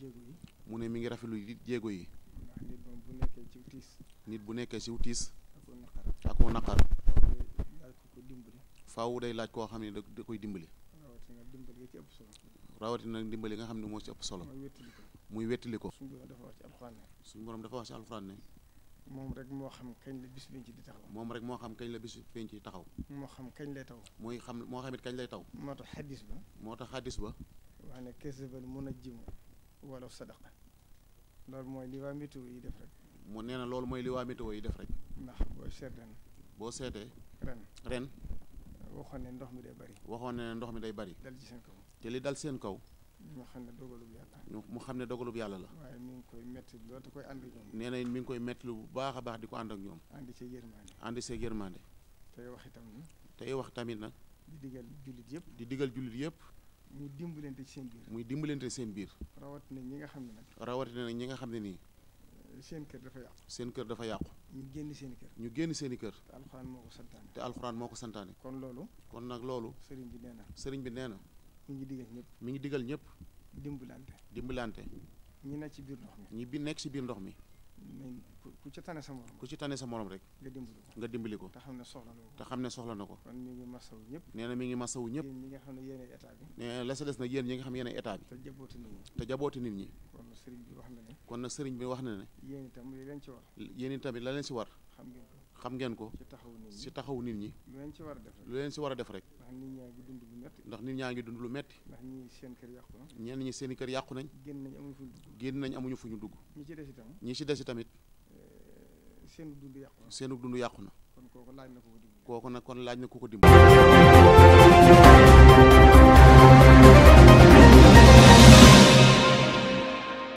jéego mu ne mi ngi rafetlu it jéego yi. nit bu nekkee ci tiis. nit bu nekkee ci tiis. ak ko naqar. faaw day laaj koo xam ne da koy dimbali. rawatina dimbali nga ci ëpp solo. rawatina dimbali nga xam ne moo ci ëpp solo. muy wettali ko. suñu borom dafa wax ci alxuraan ne. suñu borom dafa moom rek moo xam kañ la bis penc di taxaw. moom rek moo xam kañ la bis penc di taxaw. moo xam kañ lay taw. mooy xam moo xam it kañ lay taw. moo tax xaddis ba. moo tax xaddis ba. wax ne kese mun a jimu. wala sadaqa loolu mooy li waa météo yi def rek. mu nee na loolu mooy li waa météo yi def rek. ndax boo seetee. boo seetee. ren ren. waxoon ne ndox mi day bari. waxoon ne ndox mi day bari. dal ci seen te li dal seen kaw. ñu xam ne dogalub yàlla. mu xam ne dogalub yàlla la. waaye mu ngi koy métti loolu da koy nee na mi ngi koy métti lu bu baax a baax di ko ànd ak ñoom. ànd see yërmande. ànd see yërmande. tey wax itam. tey wax tamit nag. di digal jullit yëpp. di digal jullit yëpp. muy dimbalante ci seen biir. muy dimbalante seen biir. rawatina ñi nga xam rawatina ñi nga xam ne nii. Eh, seen kër dafa yàqu. seen kër dafa yàqu. ñu génn seen i kër. ñu génn seen i kër. te alxuraan moo ko santaane. te alxuraan moo ko santaane. kon loolu. kon nag loolu. sëriñ bi nee na. sëriñ bi nee na. mi ngi digal ñëpp. mu ngi digal ñëpp. dimbalante. dimbalante. ñi nekk ci biir ndox mi. ñi bi nekk ci biir ndox mi. ku ci tane sa morom. ku ci tane sa morom rek. nga dimbali ko nga dimbali ko. te xam ne soxla na ko te xam ne soxla na ko. kon mi ngi masawu ñëpp. nee na mi ngi masawu ñëpp. yéen ñi nga xam ne yéenay état bi. na la sa des nag yéen ñi nga xam ne yéenay bi. te jabooti nit ñi. kon nag sëriñ bi wax na ne. kon nag sëriñ bi wax na ne. yéen itam la leen ci war. yéen itam la leen ci xam ngeen xam ngeen ko si taxaw nit ñi lu leen ci war a def rek lu leen si war a def rek ndax nit ñaa ngi dund lu metti ndax nit ñaa ngi dund lu metti ndax ñi seen kër yàqu na yàqu nañ génn nañ amuñu fu ñu dugg génn nañ amuñu fu ñu dugg ñi ci des itam ñi ci des itamit eh, seenu dund yàqu na seenu dund yàqu na kon kooku laaj na ko ko dimbali kooku kon laaj na ko ko dimbali